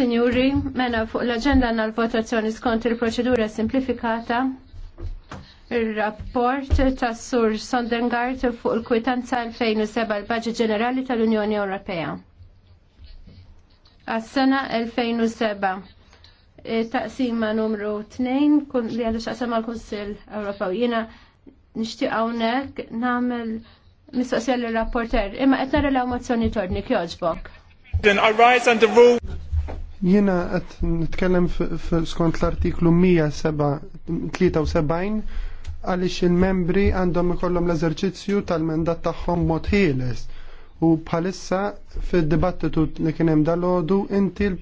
Sinjuri, mena fuq l-agenda għal votazzjoni skont il-proċedura simplifikata il-rapport ta' Sur Sondengard fuq il-kwitanza 2007 l-Baġġi Ġenerali tal-Unjoni Ewropea. Għas-sena 2007 e, taqsima numru 2 kun li għandu xaqsam għal-Konsil Ewropew. Jina nishtiq hawnhekk nagħmel mistoqsija l-rapporter imma qed nara l-emozzjoni torni kjoġbok. I rise under rule Jiena qed nitkellem skont l-artiklu 173 għaliex il-membri għandhom ikollhom l-eżerċizzju tal-mendat tagħhom mod ħieles. U bħalissa fid-dibattitu li kien hemm dalodu inti l